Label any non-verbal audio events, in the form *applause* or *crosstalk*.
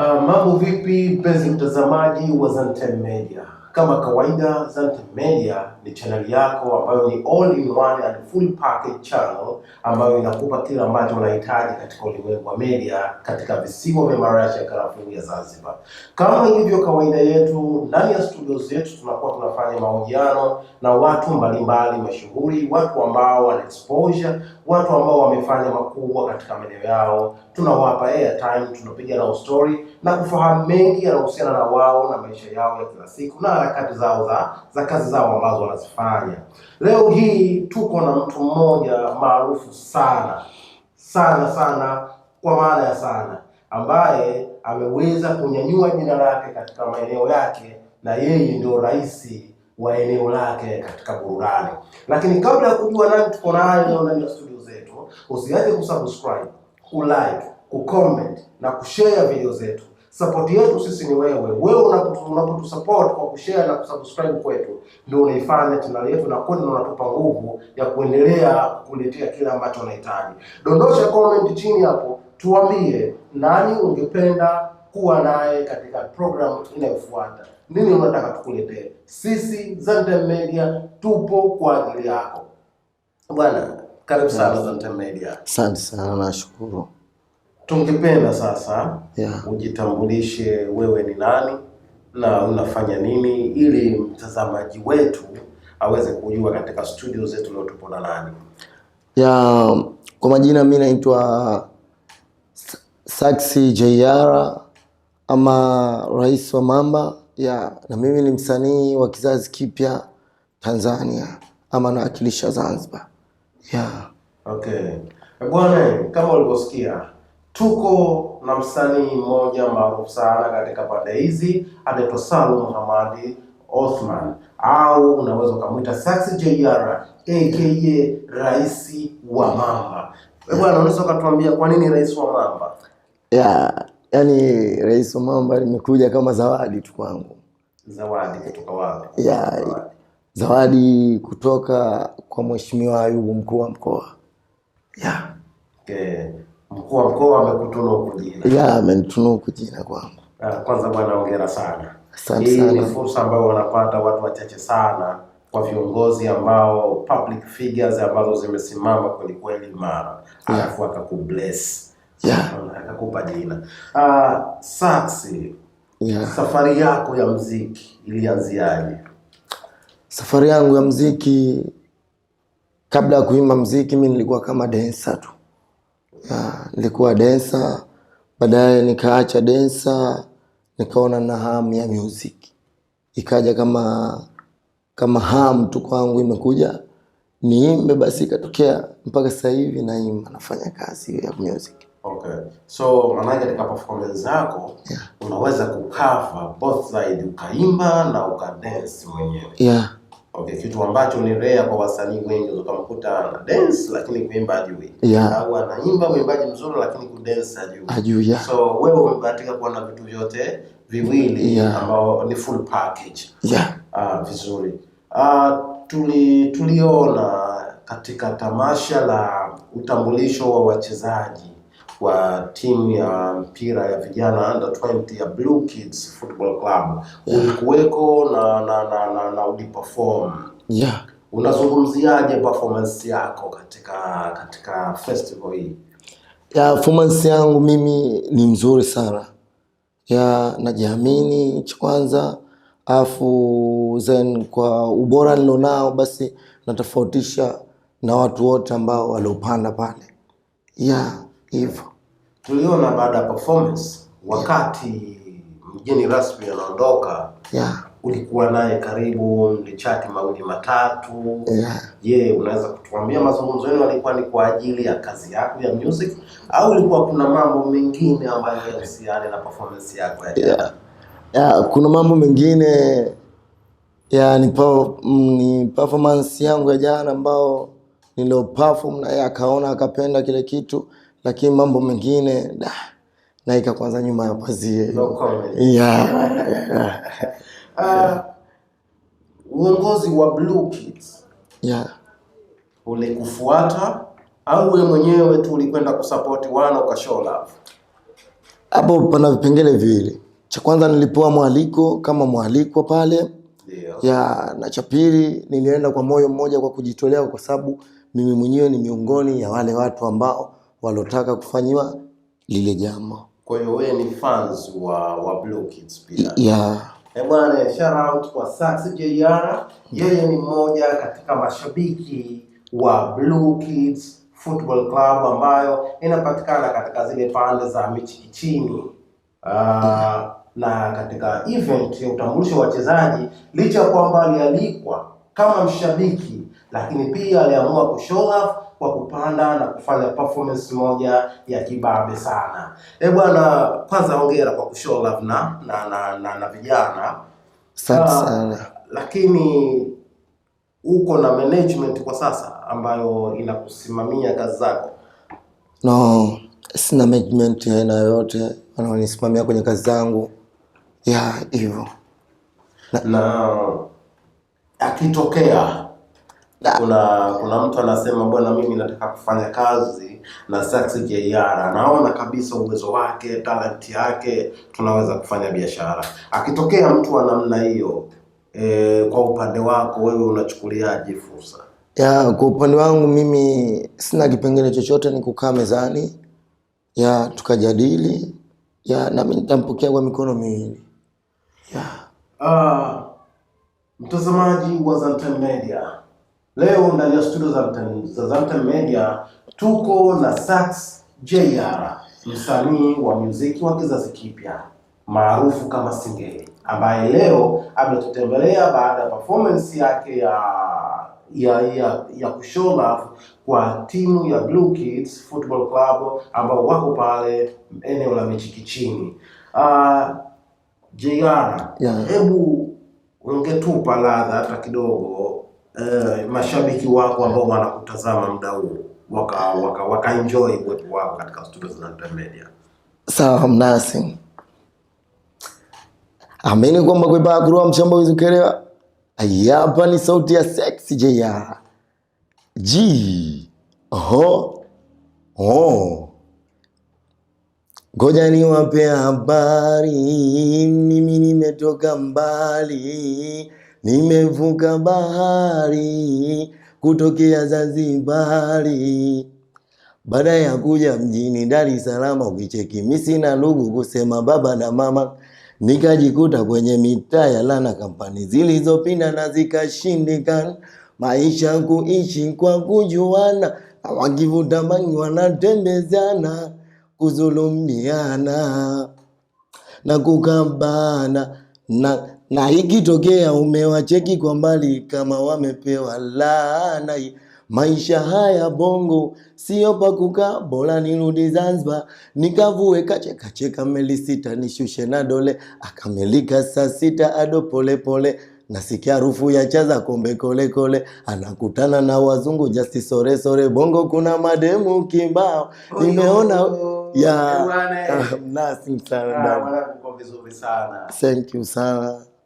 Uh, mambo vipi mpenzi mtazamaji wa Zantime Media? Kama kawaida, Zantime Media ni channel yako ambayo ni all in one and full package channel ambayo inakupa kila ambacho unahitaji katika ulimwengu wa media katika visiwa vya marashi ya karafuu ya Zanzibar. Kama ilivyo kawaida yetu, ndani ya studio zetu tunakuwa tunafanya mahojiano na watu mbalimbali mashuhuri, watu ambao wana exposure, watu ambao wamefanya makubwa katika maeneo yao. Tunawapa airtime, tunapiga nao story na kufahamu mengi yanahusiana na wao na maisha yao ya kila siku na harakati zao za za kazi zao ambazo wanazifanya. Leo hii tuko na mtu mmoja maarufu sana sana sana, kwa maana ya sana, ambaye ameweza kunyanyua jina lake katika maeneo yake, na yeye ndio rais wa eneo lake katika burudani. Lakini kabla ya kujua nani tuko naye leo ndani ya studio zetu, usiache kusubscribe, kulike, kucomment na kushare video zetu Support yetu sisi ni wewe. Wewe unapotusupport kwa kushare na kusubscribe kwetu, ndio unaifanya channel yetu na na unatupa nguvu ya kuendelea kukuletea kile ambacho unahitaji. Dondosha comment chini hapo, tuambie nani ungependa kuwa naye katika program inayofuata. Nini unataka tukuletee? Sisi Zantime Media tupo kwa ajili yako bwana. Karibu sana Zantime Media. Asante sana, nashukuru. Tungependa sasa yeah, ujitambulishe wewe ni nani na unafanya nini, ili mtazamaji wetu aweze kujua katika studio zetu leo tupo na nani. ya kwa majina mimi naitwa Saxi jaiara ama Rais wa Mamba ya na mimi ni msanii wa kizazi kipya Tanzania ama nawakilisha Zanzibar ya Okay bwana, kama ulivyosikia Tuko na msanii mmoja maarufu sana katika pande hizi anaitwa Salum Hamadi Othman au unaweza ukamwita Saxy JR aka Rais wa Mamba. Eh, bwana, unaweza ukatuambia kwa nini Rais wa Mamba? Yeah, yani Rais wa Mamba limekuja kama zawadi tu kwangu. Zawadi kutoka wapi? Yeah, zawadi. Zawadi kutoka kwa Mheshimiwa Ayubu mkuu wa mkoa. Yeah. Okay mkuu wa mkoa amekutunuku jina. Ya, amenitunuku jina kwangu. Kwanza bwana, hongera sana. Asante sana. Hii ni fursa ambayo wanapata watu wachache sana kwa viongozi ambao public figures ambazo zimesimama kweli kweli imara, alafu akakubless akakupa jina. Ah, Saxy, safari yako ya mziki ilianziaje? Safari yangu ya mziki, kabla ya kuimba mziki, mi nilikuwa kama dancer tu nilikuwa densa, baadaye nikaacha densa, nikaona na hamu ya music ikaja kama kama hamu tu kwangu, imekuja niimbe, basi ikatokea mpaka sasa hivi naimba, nafanya kazi ya music. Okay. So maanake katika performance zako yeah, unaweza kukava both side ukaimba na ukadance mwenyewe. Yeah. Okay, kitu ambacho ni rare kwa wasanii wengi, utamkuta ana dance lakini kuimba ajui. yeah. au anaimba mwimbaji mzuri lakini dance ajui. Ajui. yeah. so wewe umebahatika kuwa na vitu vyote viwili, yeah. ambao ni full package yeah. Ah, vizuri. Ah, tuli tuliona katika tamasha la utambulisho wa wachezaji wa timu ya mpira ya vijana under 20 ya Blue Kids Football Club yeah. Ulikuweko na na na, na, na uliperform yeah. Unazungumziaje performance yako katika katika festival hii? Ya performance yangu mimi ni mzuri sana ya najiamini cha kwanza, afu then kwa ubora nilionao basi natofautisha na watu wote ambao waliopanda pale ya hivyo tuliona baada ya performance wakati mgeni rasmi anaondoka yeah. Ulikuwa naye karibu, mlichati mawili matatu. Je, yeah. Unaweza kutuambia mazungumzo yenu yalikuwa ni kwa ajili ya kazi yako ya music au ilikuwa kuna mambo mengine ambayo yanahusiana na performance yako ya yeah. Yeah, kuna mambo mengine ya ni, mm, ni performance yangu ya jana ambao nilio perform naye akaona akapenda kile kitu lakini mambo mengine da naika kwanza nyuma ya pazia yeah. *laughs* Uh, uongozi wa Blue Kids yeah, ulikufuata au wewe mwenyewe tu ulikwenda kusupport wana love? Hapo pana vipengele viwili, cha kwanza nilipewa mwaliko kama mwalikwa pale yeah, ya na cha pili nilienda kwa moyo mmoja kwa kujitolea, kwa sababu mimi mwenyewe ni miongoni ya wale watu ambao walotaka kufanyiwa lile jambo. Kwa hiyo wewe ni fans wa, wa Blue Kids pia. Yeah. Eh, bwana shout out kwa Sax JR. Yeye ni mmoja katika mashabiki wa Blue Kids Football Club ambayo inapatikana katika zile pande za Michikichini. Uh, na katika event ya utambulisho wa wachezaji licha kwamba alialikwa kama mshabiki, lakini pia aliamua kushona kwa kupanda na kufanya performance moja ya kibabe sana. Eh bwana, kwanza hongera kwa kushow na na na, na, na vijana ah, sana, lakini uko na management kwa sasa ambayo inakusimamia kazi zako? No, sina management ya aina yoyote wanaonisimamia kwenye kazi zangu ya hivyo na, na akitokea kuna kuna mtu anasema bwana, mimi nataka kufanya kazi na Sax naona kabisa uwezo wake, talent yake, tunaweza kufanya biashara. Akitokea mtu wa namna hiyo e, kwa upande wako wewe unachukuliaje fursa ya? Kwa upande wangu mimi sina kipengele chochote, ni kukaa mezani ya tukajadili ya, nami nitampokea kwa mikono miwili ya ah. Mtazamaji wa Zantime Media, leo ndani ya studio za Zantime Media tuko na Sax JR, msanii wa muziki wa kizazi kipya maarufu kama Singeli, ambaye leo ametutembelea baada ya performance yake ya ya ya, ya kushow love kwa timu ya Blue Kids Football Club ambao wako pale eneo la Michikichini. Uh, ah, JR, hebu yeah ungetupa ladha hata kidogo eh, mashabiki wako ambao wanakutazama muda huu waka, waka, waka uwepo wako katika studio za Naturemed Media. Sawa Mnasi, amini kwamba kwepaa kuroa mshamba wizukelewa Hapa ni sauti ya sexy JR. G. Oho. Oh. Ngoja niwape habari, mimi nimetoka mbali, nimevuka bahari kutokea Zanzibari, baada ya kuja mjini Dar es Salaam. Ukicheki mimi sina ndugu kusema baba na mama, nikajikuta kwenye mitaa ya lana, kampani zilizopinda na zikashindikana, maisha kuishi kwa kujuana, wakivuta bangi wanatembezana kuzulumiana na kukambana na, na ikitokea umewacheki kwa mbali kama wamepewa laana. Maisha haya bongo sio pa kukaa, bora nirudi Zanzibar nikavue kachekacheka, meli sita nishushe na dole, akamilika saa sita ado polepole pole. Nasikia harufu ya chaza kombe kolekole kole. Anakutana na wazungu sore soresore, bongo kuna mademu kibao oh nimeona ya ah, mnasi ah, sana. Thank you sana.